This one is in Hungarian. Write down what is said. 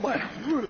Bueno.